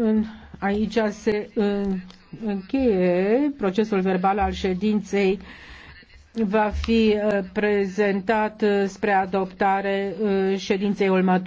în, aici se în, încheie procesul verbal al ședinței va fi uh, prezentat uh, spre adoptare uh, ședinței următoare.